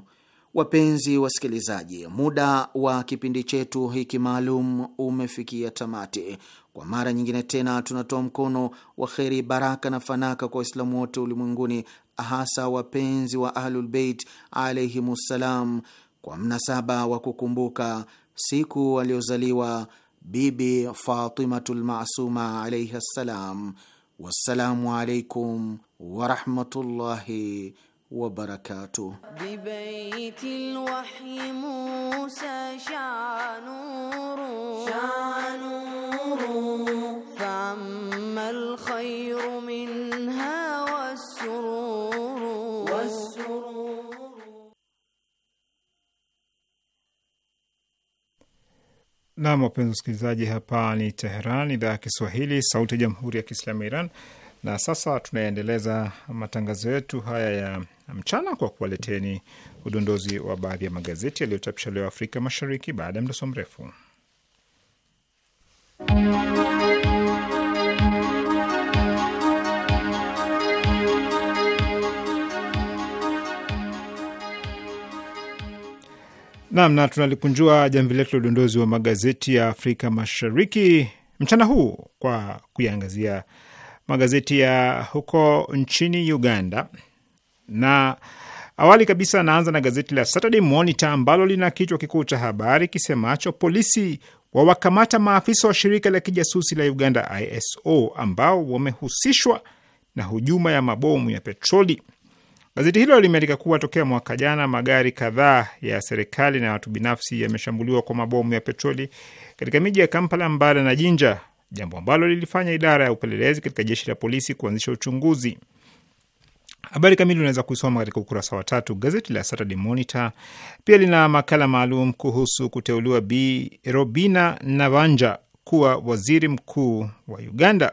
Wapenzi wasikilizaji, muda wa kipindi chetu hiki maalum umefikia tamati. Kwa mara nyingine tena, tunatoa mkono wa kheri, baraka na fanaka kwa Waislamu wote ulimwenguni, hasa wapenzi wa Ahlulbeit alaihimussalam, kwa mnasaba wa kukumbuka siku waliozaliwa Bibi Fatimatu Lmasuma alaihi ssalam. Wassalamu alaikum warahmatullahi wabarakatuh. Nam, wapenzi wasikilizaji, hapa ni Teheran, idhaa ya Kiswahili, sauti ya jamhuri ya kiislamu ya Iran. Na sasa tunaendeleza matangazo yetu haya ya mchana kwa kuwaleteni udondozi wa baadhi ya magazeti yaliyochapishwa leo Afrika Mashariki baada ya mdoso mrefu Nam na tunalikunjua jamvi letu la udondozi wa magazeti ya Afrika Mashariki mchana huu kwa kuyaangazia magazeti ya huko nchini Uganda, na awali kabisa anaanza na gazeti la Saturday Monitor ambalo lina kichwa kikuu cha habari kisemacho polisi wawakamata maafisa wa shirika la kijasusi la Uganda ISO ambao wamehusishwa na hujuma ya mabomu ya petroli Gazeti hilo limeandika kuwa tokea mwaka jana magari kadhaa ya serikali na watu binafsi yameshambuliwa kwa mabomu ya petroli katika miji ya Kampala, Mbale na Jinja, jambo ambalo lilifanya idara ya upelelezi katika jeshi la polisi kuanzisha uchunguzi. Habari kamili unaweza kuisoma katika ukurasa wa tatu. Gazeti la Saturday Monitor pia lina makala maalum kuhusu kuteuliwa Bi Robina navanja kuwa waziri mkuu wa Uganda.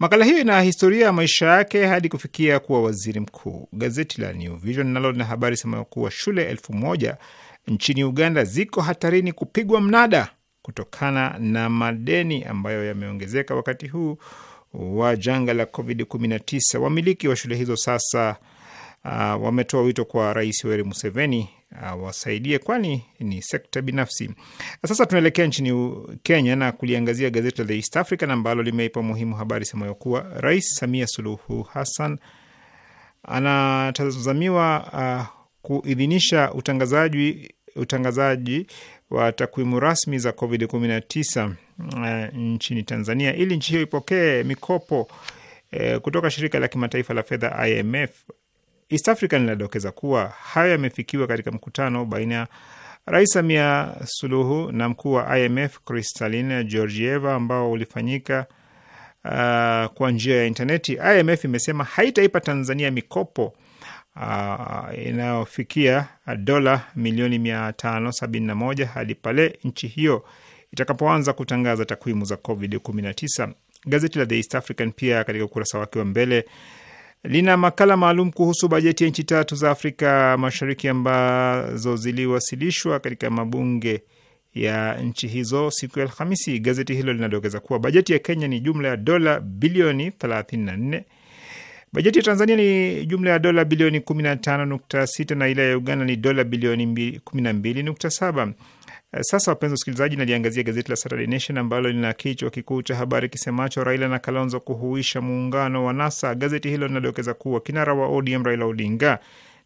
Makala hiyo ina historia ya maisha yake hadi kufikia kuwa waziri mkuu. Gazeti la New Vision nalo lina habari sema kuwa shule elfu moja nchini Uganda ziko hatarini kupigwa mnada kutokana na madeni ambayo yameongezeka wakati huu wa janga la COVID-19. Wamiliki wa shule hizo sasa uh, wametoa wito kwa Rais Yoweri Museveni awasaidie, kwani ni sekta binafsi. Sasa tunaelekea nchini Kenya na kuliangazia gazeti la The East African ambalo limeipa muhimu habari semayo kuwa Rais Samia Suluhu Hassan anatazamiwa uh, kuidhinisha utangazaji utangazaji wa takwimu rasmi za COVID-19 uh, nchini Tanzania ili nchi hiyo ipokee mikopo uh, kutoka shirika la kimataifa la fedha IMF East African linadokeza kuwa hayo yamefikiwa katika mkutano baina ya Rais Samia Suluhu na mkuu wa IMF Kristalina Georgieva ambao ulifanyika uh, kwa njia ya intaneti. IMF imesema haitaipa Tanzania mikopo uh, inayofikia dola milioni 571 hadi pale nchi hiyo itakapoanza kutangaza takwimu za COVID-19. Gazeti la The East African pia katika ukurasa wake wa mbele lina makala maalum kuhusu bajeti ya nchi tatu za Afrika Mashariki ambazo ziliwasilishwa katika mabunge ya nchi hizo siku ya Alhamisi. Gazeti hilo linadokeza kuwa bajeti ya Kenya ni jumla ya dola bilioni 34, bajeti ya Tanzania ni jumla ya dola bilioni 15.6 na ile ya Uganda ni dola bilioni 12.7. Eh, sasa wapenzi wasikilizaji, naliangazia gazeti la Saturday Nation ambalo lina kichwa kikuu cha habari kisemacho Raila na Kalonzo kuhuisha muungano wa NASA. Gazeti hilo linadokeza kuwa kinara wa ODM Raila Odinga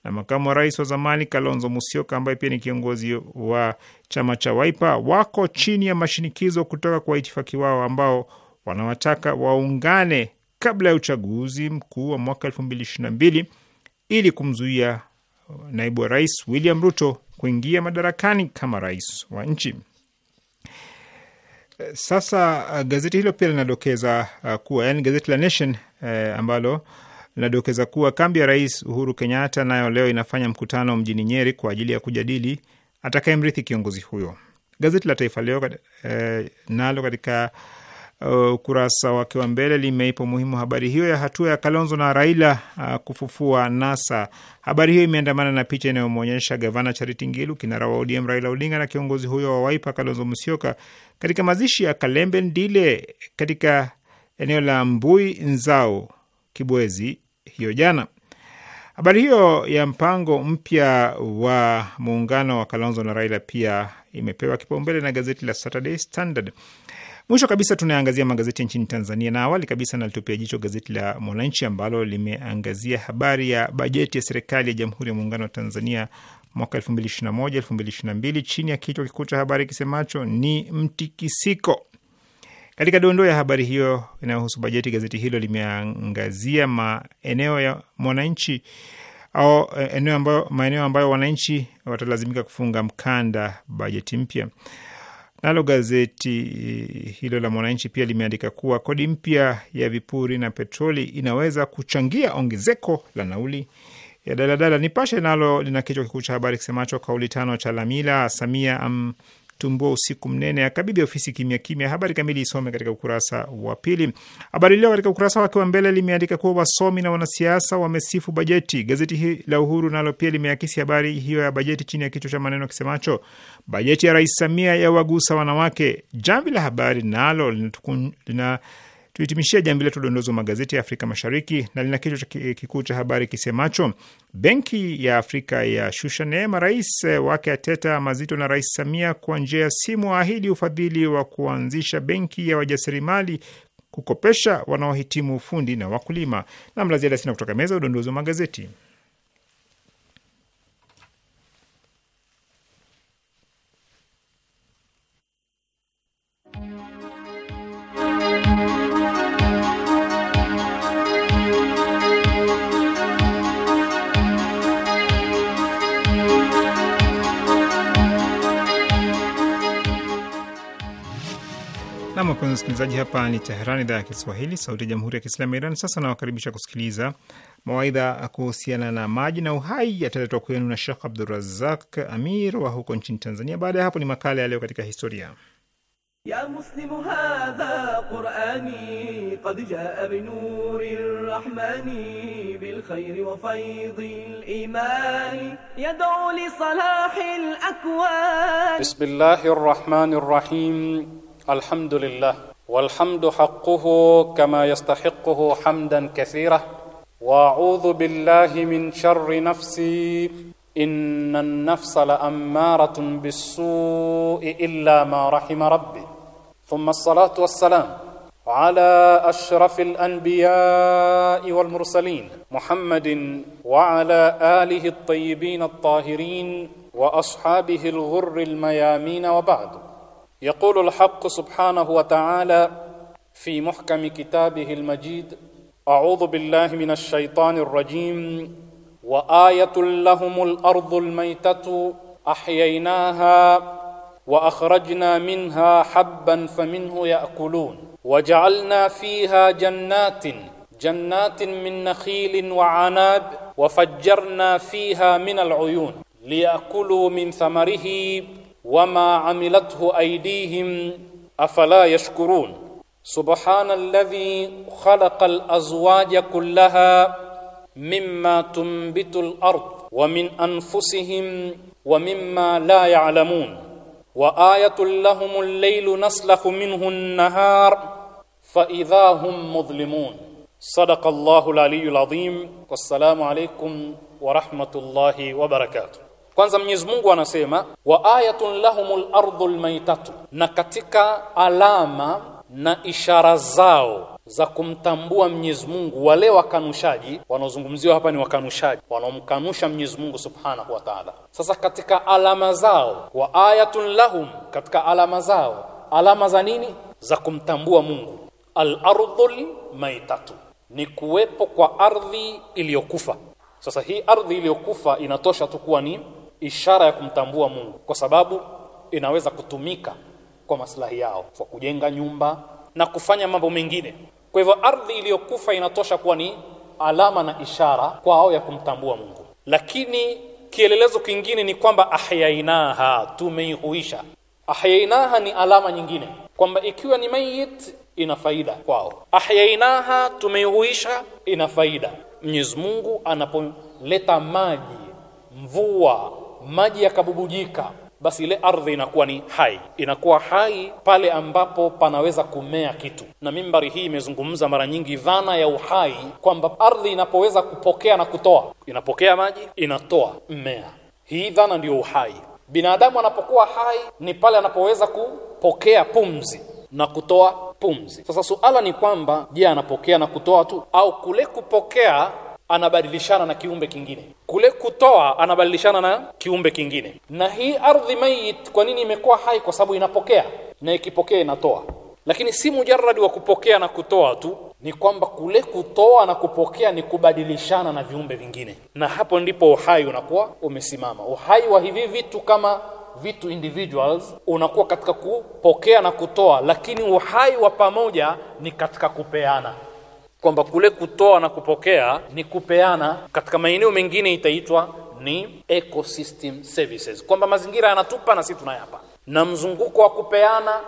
na makamu wa rais wa zamani Kalonzo Musyoka ambaye pia ni kiongozi wa chama cha Wiper wako chini ya mashinikizo kutoka kwa itifaki wao ambao wanawataka waungane kabla ya uchaguzi mkuu wa mwaka 2022 ili kumzuia naibu wa rais William Ruto kuingia madarakani kama rais wa nchi. Sasa uh, gazeti hilo pia linadokeza uh, kuwa, yani gazeti la Nation eh, ambalo linadokeza kuwa kambi ya rais Uhuru Kenyatta nayo leo inafanya mkutano mjini Nyeri kwa ajili ya kujadili atakayemrithi kiongozi huyo. Gazeti la Taifa Leo eh, nalo katika uh, ukurasa wake wa mbele limeipa umuhimu habari hiyo ya hatua ya Kalonzo na Raila uh, kufufua NASA. Habari hiyo imeandamana na picha inayomwonyesha gavana Charity Ngilu, kinara wa ODM Raila Odinga na kiongozi huyo wa Waipa Kalonzo Musyoka katika mazishi ya Kalembe Ndile katika eneo la Mbui Nzao Kibwezi hiyo jana. Habari hiyo ya mpango mpya wa muungano wa Kalonzo na Raila pia imepewa kipaumbele na gazeti la Saturday Standard. Mwisho kabisa tunaangazia magazeti nchini Tanzania, na awali kabisa nalitupia jicho gazeti la Mwananchi ambalo limeangazia habari ya bajeti ya serikali ya Jamhuri ya Muungano wa Tanzania mwaka 2021 2022 chini ya kichwa kikuu cha habari kisemacho ni mtikisiko. Katika dondoo ya habari hiyo inayohusu bajeti, gazeti hilo limeangazia maeneo ya Mwananchi au eh, eneo ambayo, maeneo ambayo wananchi watalazimika kufunga mkanda bajeti mpya. Nalo gazeti eh, hilo la Mwananchi pia limeandika kuwa kodi mpya ya vipuri na petroli inaweza kuchangia ongezeko la nauli ya daladala. Nipashe nalo lina kichwa kikuu cha habari kisemacho kauli tano cha Lamila, Samia am tumbua usiku mnene, akabidhi ofisi kimya kimya. Habari kamili isome katika ukurasa wa pili. Habari Leo katika ukurasa wake wa mbele limeandika kuwa wasomi na wanasiasa wamesifu bajeti. Gazeti hii la Uhuru nalo pia limeakisi habari hiyo ya bajeti chini ya kichwa cha maneno kisemacho bajeti ya Rais Samia yawagusa wanawake. Jamvi la Habari nalo lina tuhitimishia jambo letu udondozi wa magazeti ya Afrika Mashariki, na lina kichwa cha kikuu cha habari kisemacho benki ya Afrika ya shusha neema, rais wake Ateta mazito na Rais Samia kwa njia ya simu, aahidi ufadhili wa kuanzisha benki ya wajasiriamali kukopesha wanaohitimu ufundi na wakulima. na mlaziada sina kutoka meza udondozi wa magazeti wapenzi wasikilizaji, hapa ni Teheran, idhaa ya Kiswahili, sauti ya jamhuri ya kiislamu ya Iran. Sasa nawakaribisha kusikiliza mawaidha kuhusiana na maji na uhai, yataletwa kwenu na Shekh Abdurazak Amir wa huko nchini Tanzania. Baada ya hapo ni makala ya katika historia ya muslimu hadha qurani qad jaa binuri rrahmani bilkhairi wa faydi limani yad'u li salahi bismillahi rrahmani rrahim الحمد لله والحمد حقه كما يستحقه حمدا كثيرا واعوذ بالله من شر نفسي ان النفس لاماره بالسوء الا ما رحم ربي ثم الصلاه والسلام على اشرف الانبياء والمرسلين محمد وعلى اله الطيبين الطاهرين واصحابه الغر الميامين وبعد يقول الحق سبحانه وتعالى في محكم كتابه المجيد اعوذ بالله من الشيطان الرجيم وايه لهم الارض الميته احييناها واخرجنا منها حبا فمنه ياكلون وجعلنا فيها جنات جنات من نخيل وعناب وفجرنا فيها من العيون لياكلوا من ثمره وما عملته أيديهم أفلا يشكرون سبحان الذي خلق الأزواج كلها مما تنبت الأرض ومن أنفسهم ومما لا يعلمون وآية لهم الليل نسلخ منه النهار فإذا هم مظلمون صدق الله العلي العظيم والسلام عليكم ورحمة الله وبركاته Kwanza Mwenyezi Mungu anasema wa ayatun lahumul ardhul maitatu, na katika alama na ishara zao za kumtambua Mwenyezi Mungu, wale wakanushaji wanaozungumziwa hapa ni wakanushaji wanaomkanusha Mwenyezi Mungu Subhanahu wa Ta'ala. Sasa katika alama zao, wa ayatun lahum, katika alama zao, alama za nini? Za kumtambua Mungu. Al-ardhul maitatu ni kuwepo kwa ardhi iliyokufa. Sasa hii ardhi iliyokufa inatosha tu kuwa ni ishara ya kumtambua Mungu, kwa sababu inaweza kutumika kwa maslahi yao kwa kujenga nyumba na kufanya mambo mengine. Kwa hivyo ardhi iliyokufa inatosha kuwa ni alama na ishara kwao ya kumtambua Mungu, lakini kielelezo kingine ni kwamba ahyainaha, tumeihuisha. Ahyainaha ni alama nyingine kwamba ikiwa ni mayit ina faida kwao. Ahyainaha, tumeihuisha, ina faida. Mwenyezi Mungu anapoleta maji, mvua maji yakabubujika basi ile ardhi inakuwa ni hai, inakuwa hai pale ambapo panaweza kumea kitu. Na mimbari hii imezungumza mara nyingi dhana ya uhai, kwamba ardhi inapoweza kupokea na kutoa, inapokea maji, inatoa mmea. Hii dhana ndiyo uhai. Binadamu anapokuwa hai ni pale anapoweza kupokea pumzi na kutoa pumzi. Sasa suala ni kwamba, je, anapokea na kutoa tu au kule kupokea anabadilishana na kiumbe kingine, kule kutoa anabadilishana na kiumbe kingine. Na hii ardhi mayit, kwa nini imekuwa hai? Kwa sababu inapokea, na ikipokea inatoa. Lakini si mujarradi wa kupokea na kutoa tu, ni kwamba kule kutoa na kupokea ni kubadilishana na viumbe vingine, na hapo ndipo uhai unakuwa umesimama. Uhai wa hivi vitu kama vitu individuals unakuwa katika kupokea na kutoa, lakini uhai wa pamoja ni katika kupeana kwamba kule kutoa na kupokea ni kupeana. Katika maeneo mengine itaitwa ni ecosystem services, kwamba mazingira yanatupa na sisi tunayapa, na mzunguko wa kupeana,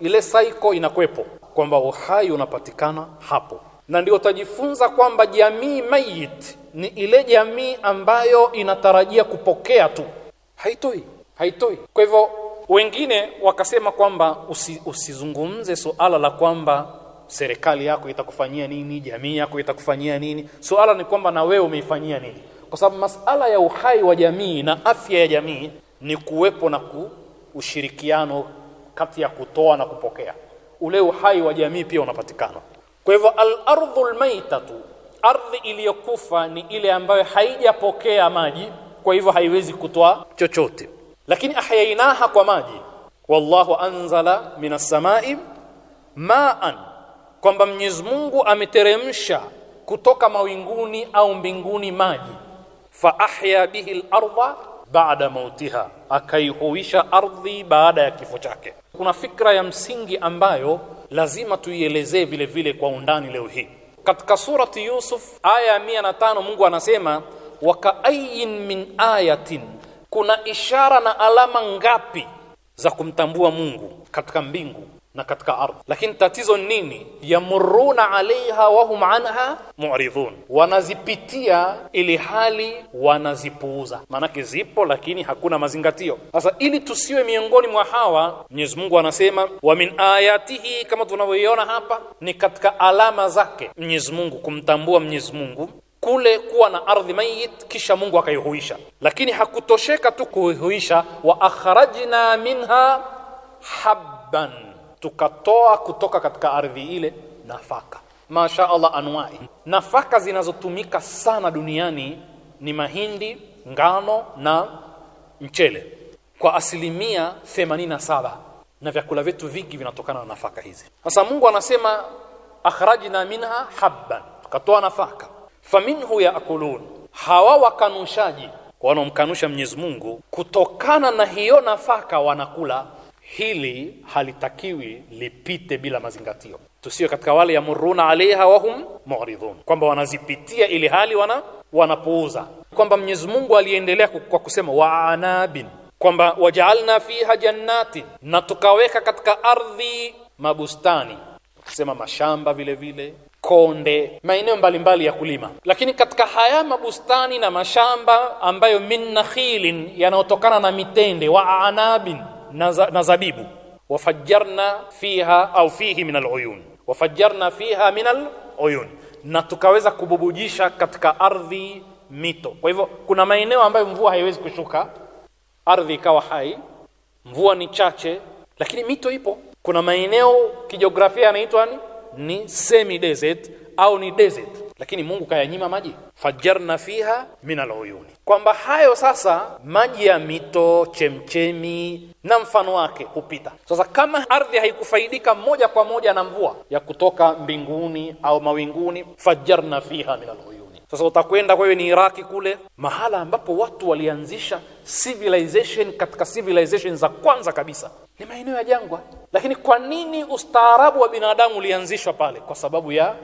ile cycle inakwepo, kwamba uhai unapatikana hapo, na ndio utajifunza kwamba jamii mayit ni ile jamii ambayo inatarajia kupokea tu, haitoi haitoi. Kwa hivyo wengine wakasema kwamba usi, usizungumze suala la kwamba serikali yako itakufanyia nini, jamii yako itakufanyia nini. Suala ni kwamba na wewe umeifanyia nini, kwa sababu masala ya uhai wa jamii na afya ya jamii ni kuwepo na ku, ushirikiano kati ya kutoa na kupokea. Ule uhai wa jamii pia unapatikana. Kwa hivyo, al-ardhu al-maitatu, ardhi iliyokufa ni ile ambayo haijapokea maji, kwa hivyo haiwezi kutoa chochote, lakini ahyainaha kwa maji. Wallahu anzala minas samai maan kwamba Mwenyezi Mungu ameteremsha kutoka mawinguni au mbinguni maji fa ahya bihi al-ardha baada mautiha, akaihuisha ardhi baada ya kifo chake. Kuna fikra ya msingi ambayo lazima tuielezee vile vile kwa undani leo hii. Katika surati Yusuf aya ya 105 Mungu anasema wa kaayin min ayatin, kuna ishara na alama ngapi za kumtambua Mungu katika mbingu na katika ardhi. Lakini tatizo nini? Yamuruna alaiha wahum anha muridhun, wanazipitia ili hali wanazipuuza. Maanake zipo lakini hakuna mazingatio. Sasa ili tusiwe miongoni mwa hawa, Mwenyezi Mungu anasema wa min ayatihi, kama tunavyoiona hapa ni katika alama zake Mwenyezi Mungu, kumtambua Mwenyezi Mungu kule kuwa na ardhi mayit, kisha Mungu akaihuisha. Lakini hakutosheka tu kuihuisha, wa akhrajna minha habban tukatoa kutoka katika ardhi ile nafaka. Masha Allah, anwai nafaka zinazotumika sana duniani ni mahindi, ngano na mchele kwa asilimia 87, na vyakula vyetu vingi vinatokana na nafaka hizi. Sasa Mungu anasema akhrajna minha habban, tukatoa nafaka. Faminhu yaakulun, hawa wakanushaji wanaomkanusha Mwenyezi Mungu, kutokana na hiyo nafaka wanakula hili halitakiwi lipite bila mazingatio, tusiwe katika wale yamuruna alaiha wahum muridhun, kwamba wanazipitia ili hali wana wanapuuza, kwamba Mwenyezi Mungu aliendelea kwa kusema wa anabin, kwamba wajaalna fiha jannatin, na tukaweka katika ardhi mabustani, kusema mashamba vile vile konde maeneo mbalimbali ya kulima, lakini katika haya mabustani na mashamba ambayo min nakhilin, yanayotokana na mitende wa anabin na zabibu wafajjarna fiha au fihi min aluyun wafajjarna fiha min aluyun na tukaweza kububujisha katika ardhi mito kwa hivyo kuna maeneo ambayo mvua haiwezi kushuka ardhi ikawa hai mvua ni chache lakini mito ipo kuna maeneo kijiografia yanaitwa ni semi desert au ni desert lakini Mungu kayanyima maji, fajarna fiha min aluyuni, kwamba hayo sasa maji ya mito, chemchemi na mfano wake hupita. Sasa kama ardhi haikufaidika moja kwa moja na mvua ya kutoka mbinguni au mawinguni, fajarna fiha min aluyuni sasa utakwenda kwa hiyo ni Iraki kule, mahala ambapo watu walianzisha civilization katika civilization za kwanza kabisa, ni maeneo ya jangwa. Lakini kwa nini ustaarabu wa binadamu ulianzishwa pale? Kwa sababu ya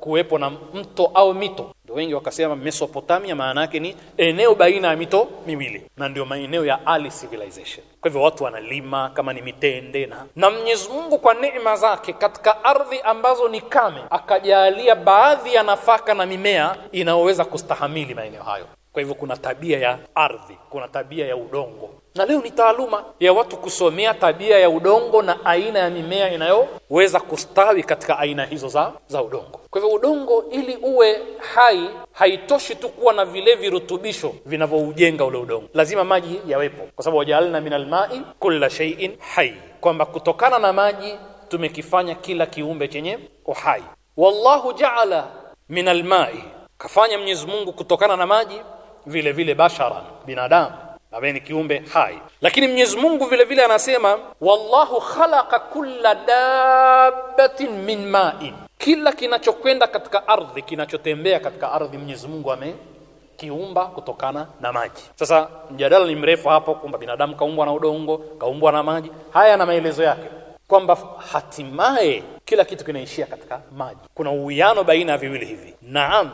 kuwepo na mto au mito. Ndio wengi wakasema Mesopotamia maana yake ni eneo baina ya mito miwili, na ndio maeneo ya early civilization. Kwa hivyo watu wanalima kama ni mitende na na Mwenyezi Mungu kwa neema zake, katika ardhi ambazo ni kame, akajalia baadhi ya nafaka na mimea inayoweza kustahamili maeneo hayo. Kwa hivyo kuna tabia ya ardhi, kuna tabia ya udongo, na leo ni taaluma ya watu kusomea tabia ya udongo na aina ya mimea inayoweza kustawi katika aina hizo za, za udongo. Kwa hivyo udongo ili uwe hai haitoshi tu kuwa na vile virutubisho vinavyoujenga ule udongo, lazima maji yawepo, kwa sababu wajaalna min almai kulla shay'in hai, kwamba kutokana na maji tumekifanya kila kiumbe chenye uhai. Wallahu jaala min almai, kafanya Mwenyezi Mungu kutokana na maji vile vile basharan binadamu ambaye ni kiumbe hai lakini Mwenyezi Mungu vile vile anasema wallahu khalaqa kulla dabbatin min ma'in kila kinachokwenda katika ardhi kinachotembea katika ardhi Mwenyezi Mungu ame kiumba kutokana na maji. Sasa mjadala ni mrefu hapo kwamba binadamu kaumbwa na udongo, kaumbwa na maji. Haya na maelezo yake kwamba hatimaye kila kitu kinaishia katika maji. Kuna uwiano baina ya viwili hivi. Naam,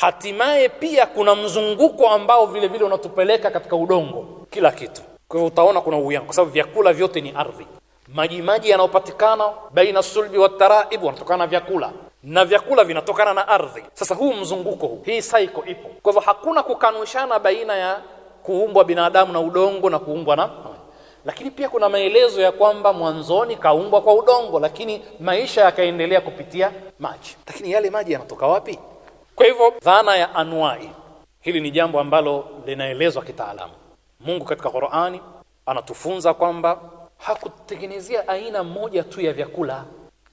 hatimaye pia kuna mzunguko ambao vile vile unatupeleka katika udongo kila kitu kwa hivyo utaona kuna uwiano kwa sababu vyakula vyote ni ardhi maji maji yanayopatikana baina sulbi wa taraibu wanatokana na vyakula na vyakula vinatokana na ardhi sasa huu mzunguko huu hii cycle ipo kwa hivyo hakuna kukanushana baina ya kuumbwa binadamu na udongo na kuumbwa na lakini pia kuna maelezo ya kwamba mwanzoni kaumbwa kwa udongo lakini maisha yakaendelea kupitia maji lakini yale maji yanatoka wapi kwa hivyo dhana ya anwai hili ni jambo ambalo linaelezwa kitaalamu. Mungu katika Qur'ani anatufunza kwamba hakutengenezea aina moja tu ya vyakula,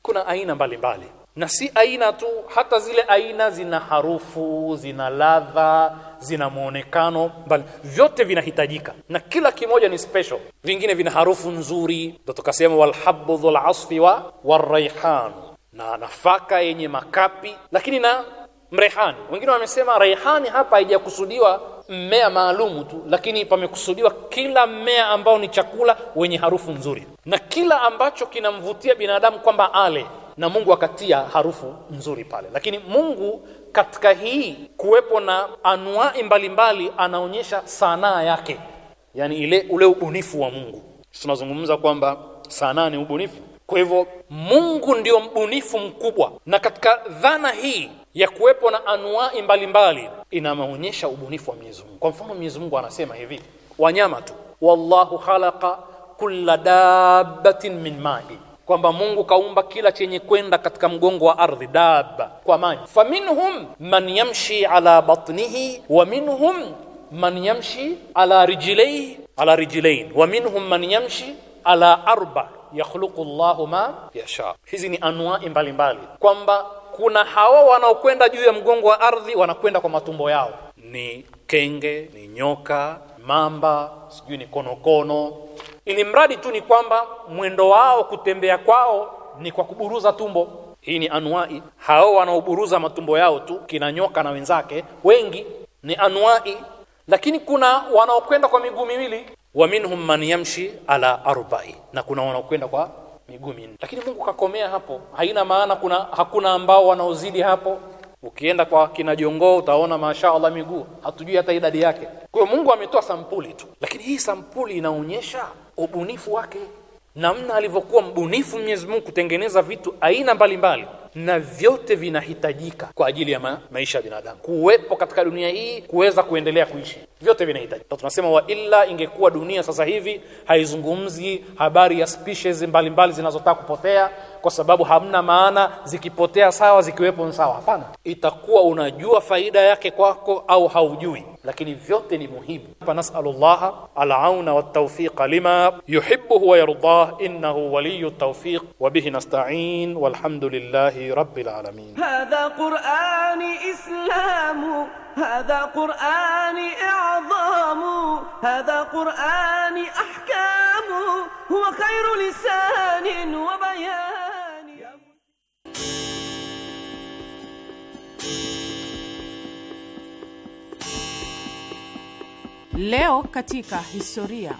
kuna aina mbalimbali mbali. Na si aina tu, hata zile aina zina harufu, zina ladha, zina muonekano bali vyote vinahitajika, na kila kimoja ni special. Vingine vina harufu nzuri, ndio tukasema walhabbu dhul asfi wa waraihan, na nafaka yenye makapi, lakini na mrehani wengine wamesema rehani hapa haijakusudiwa mmea maalumu tu lakini pamekusudiwa kila mmea ambao ni chakula wenye harufu nzuri na kila ambacho kinamvutia binadamu kwamba ale na Mungu akatia harufu nzuri pale lakini Mungu katika hii kuwepo na anuai mbalimbali anaonyesha sanaa yake yani ile ule ubunifu wa Mungu tunazungumza kwamba sanaa ni ubunifu kwa hivyo Mungu ndio mbunifu mkubwa na katika dhana hii ya kuwepo na anuai mbalimbali inamaonyesha ubunifu wa Mwenyezi Mungu. Kwa mfano Mwenyezi Mungu anasema hivi, wanyama tu, wallahu khalaqa kulla dabbatin min ma'i, kwamba Mungu kaumba kila chenye kwenda katika mgongo wa ardhi, dabba kwa maji. Faminhum man yamshi ala batnihi wa minhum man yamshi ala rijlihi ala rijlain wa minhum man yamshi ala arba yakhluqu Allahu ma yasha. Hizi ni anuai mbalimbali kwamba kuna hawa wanaokwenda juu ya mgongo wa ardhi wanakwenda kwa matumbo yao, ni kenge, ni nyoka, mamba, sijui ni konokono, ili mradi tu ni kwamba mwendo wao kutembea kwao ni kwa kuburuza tumbo. Hii ni anwai. Hao wanaoburuza matumbo yao tu, kina nyoka na wenzake wengi, ni anwai. Lakini kuna wanaokwenda kwa miguu miwili, wa minhum man yamshi ala arba'i, na kuna wanaokwenda kwa miguu minne. Lakini Mungu kakomea hapo, haina maana kuna hakuna ambao wanaozidi hapo. Ukienda kwa kina Jongoo utaona mashaallah miguu, hatujui hata idadi yake. Kwa hiyo Mungu ametoa sampuli tu, lakini hii sampuli inaonyesha ubunifu wake, namna alivyokuwa mbunifu Mwenyezi Mungu kutengeneza vitu aina mbalimbali mbali na vyote vinahitajika kwa ajili ya ma maisha ya binadamu kuwepo katika dunia hii, kuweza kuendelea kuishi, vyote vinahitajika. Tunasema wa illa, ingekuwa dunia sasa hivi haizungumzi habari ya species mbalimbali zinazotaka kupotea kwa sababu hamna maana zikipotea sawa zikiwepo sawa hapana itakuwa unajua faida yake kwako au haujui lakini vyote ni muhimu hapa nasallallahu alauna والتوفيق لما يحبه ويرضاه إنه ولي التوفيق وبه نستعين والحمد لله رب العالمين هذا قرآن إسلام هذا قرآن إعظام هذا قرآن أحكام هو خير لسان Leo katika historia.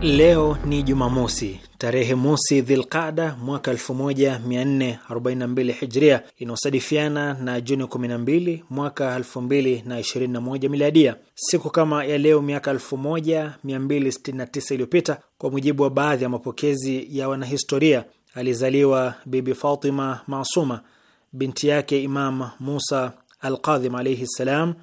Leo ni Jumamosi, tarehe mosi Dhilqada mwaka 1442 Hijria, inayosadifiana na Juni 12 mwaka 2021 Miladia. Siku kama ya leo miaka 1269 iliyopita, kwa mujibu wa baadhi ya mapokezi ya wanahistoria, alizaliwa Bibi Fatima Masuma, binti yake Imam Musa Alqadhim alaihi ssalam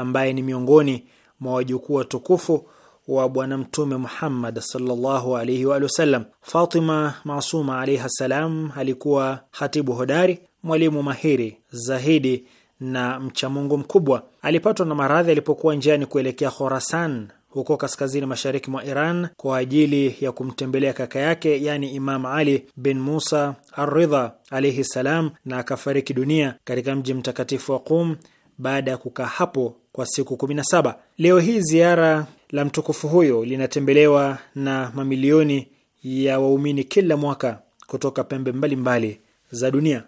ambaye ni miongoni mwa wajukuu watukufu wa Bwana Mtume Muhammad sallallahu alaihi wa sallam. Fatima Masuma alaiha salam alikuwa hatibu hodari, mwalimu mahiri, zahidi na mchamungu mkubwa. Alipatwa na maradhi alipokuwa njiani kuelekea Khorasan huko kaskazini mashariki mwa Iran kwa ajili ya kumtembelea kaka yake, yani Imam Ali bin Musa Arridha alaihi salam, na akafariki dunia katika mji mtakatifu wa Qum baada ya kukaa hapo kwa siku 17. Leo hii ziara la mtukufu huyo linatembelewa na mamilioni ya waumini kila mwaka kutoka pembe mbalimbali mbali za dunia.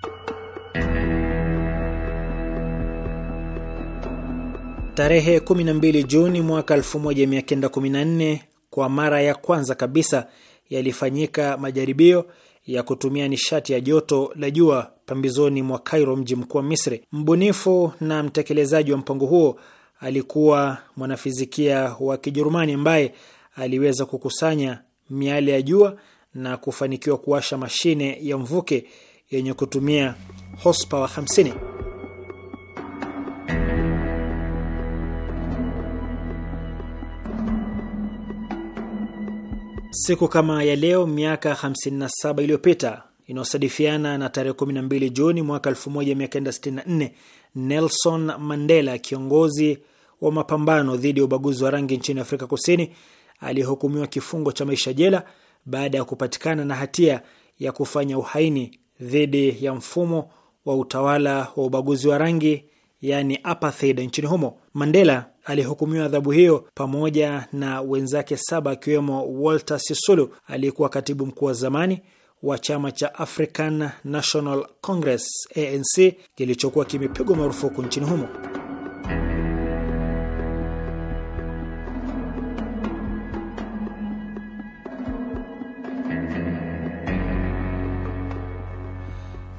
Tarehe 12 Juni mwaka 1914 kwa mara ya kwanza kabisa yalifanyika majaribio ya kutumia nishati ya joto la jua pambizoni mwa Cairo, mji mkuu wa Misri. Mbunifu na mtekelezaji wa mpango huo alikuwa mwanafizikia wa Kijerumani ambaye aliweza kukusanya miale ya jua na kufanikiwa kuwasha mashine ya mvuke yenye kutumia horsepower 50. Siku kama ya leo miaka 57 iliyopita inayosadifiana na tarehe 12 Juni mwaka 1964, Nelson Mandela, kiongozi wa mapambano dhidi ya ubaguzi wa rangi nchini Afrika Kusini, aliyehukumiwa kifungo cha maisha jela baada ya kupatikana na hatia ya kufanya uhaini dhidi ya mfumo wa utawala wa ubaguzi wa rangi, yani apartheid, nchini humo. Mandela alihukumiwa adhabu hiyo pamoja na wenzake saba akiwemo Walter Sisulu aliyekuwa katibu mkuu wa zamani wa chama cha African National Congress ANC kilichokuwa kimepigwa marufuku nchini humo.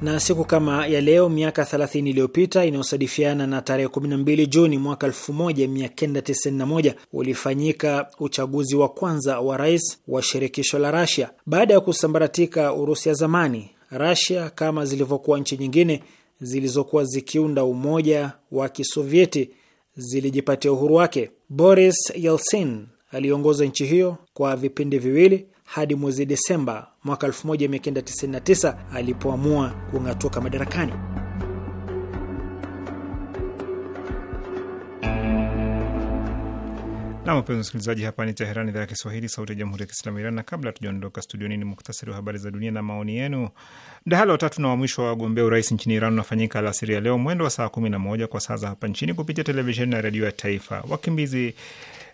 na siku kama ya leo miaka 30 iliyopita inayosadifiana na tarehe 12 Juni mwaka 1991 ulifanyika uchaguzi wa kwanza wa rais wa shirikisho la Rasia baada ya kusambaratika Urusi ya zamani. Rasia kama zilivyokuwa nchi nyingine zilizokuwa zikiunda umoja wa Kisovieti zilijipatia uhuru wake. Boris Yeltsin aliongoza nchi hiyo kwa vipindi viwili hadi mwezi Desemba mwaka 1999 alipoamua kung'atuka madarakani. Na mpenzi msikilizaji, hapa ni Teheran, idhaa ya Kiswahili, sauti ya jamhuri ya kiislamu Iran. Na kabla tujaondoka studioni, ni muktasari wa habari za dunia na maoni yenu. Mdahalo watatu tatu na wa mwisho wa wagombea urais nchini Iran unafanyika alasiri ya leo mwendo wa saa kumi na moja kwa saa za hapa nchini kupitia televisheni na redio ya taifa. Wakimbizi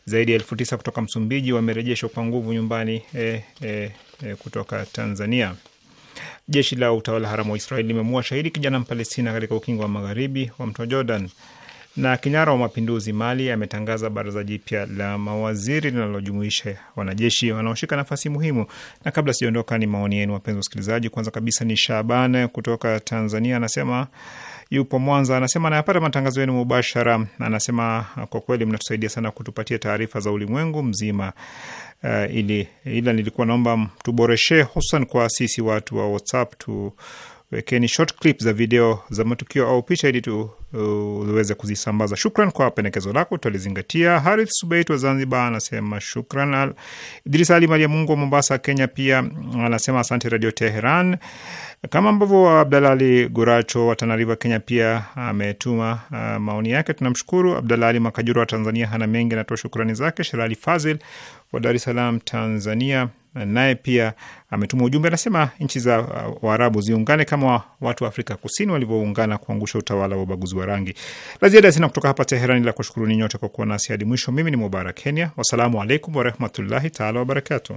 zaidi ya elfu tisa kutoka Msumbiji wamerejeshwa kwa nguvu nyumbani e, e, e, kutoka Tanzania. Jeshi la utawala haramu wa Israeli limemua shahidi kijana Mpalestina katika ukingo wa magharibi wa mto Jordan. Na kinara wa mapinduzi Mali ametangaza baraza jipya la mawaziri linalojumuisha wanajeshi wanaoshika nafasi muhimu. Na kabla sijaondoka, ni maoni yenu wapenzi wasikilizaji. Kwanza kabisa ni Shaban kutoka Tanzania, anasema yupo Mwanza, anasema anayapata matangazo yenu mubashara. Anasema kwa kweli mnatusaidia sana kutupatia taarifa za ulimwengu mzima. Uh, ili ila nilikuwa naomba tuboreshe, hususan kwa sisi watu wa WhatsApp tu wekeni short clip za video za matukio au picha ili tuweze uh, kuzisambaza. Shukran kwa pendekezo lako, tutalizingatia. Harith Subait wa Zanzibar anasema shukran. Al Idris Ali Malia Mungu wa Mombasa, Kenya pia anasema asante Radio Teheran. Kama ambavyo Abdalali Guracho wa Tanariva, Kenya, pia ametuma uh, maoni yake. Tunamshukuru Abdalali Makajuru wa Tanzania, hana mengi, anatoa shukrani zake. Sherali Fazil wa Dar es Salaam, Tanzania, naye pia ametuma ujumbe, anasema nchi za uh, Waarabu ziungane kama watu wa Afrika Kusini walivyoungana kuangusha utawala wa ubaguzi wa rangi. La ziada sina kutoka hapa Teherani, la kushukuruni nyote kwa kuwa nasi hadi mwisho. Mimi ni Mubarak Kenya, wassalamu alaikum warahmatullahi taala wabarakatuh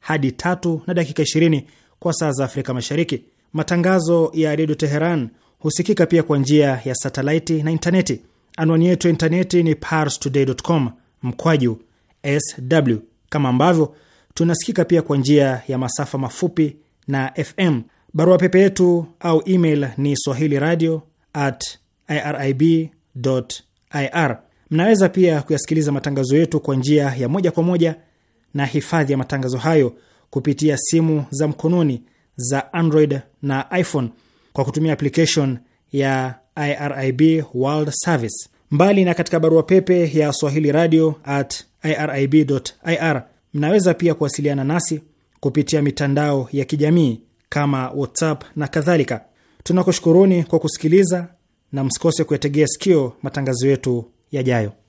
hadi tatu na dakika 20 kwa saa za Afrika Mashariki. Matangazo ya Redio Teheran husikika pia kwa njia ya satelaiti na intaneti. Anwani yetu ya intaneti ni parstoday.com mkwaju sw, kama ambavyo tunasikika pia kwa njia ya masafa mafupi na FM. Barua pepe yetu au email ni swahili radio at irib ir. Mnaweza pia kuyasikiliza matangazo yetu kwa njia ya moja kwa moja na hifadhi ya matangazo hayo kupitia simu za mkononi za Android na iPhone kwa kutumia application ya IRIB World Service. Mbali na katika barua pepe ya Swahili radio at ir, mnaweza pia kuwasiliana nasi kupitia mitandao ya kijamii kama WhatsApp na kadhalika. Tunakushukuruni kwa kusikiliza na msikose kuyategea sikio matangazo yetu yajayo.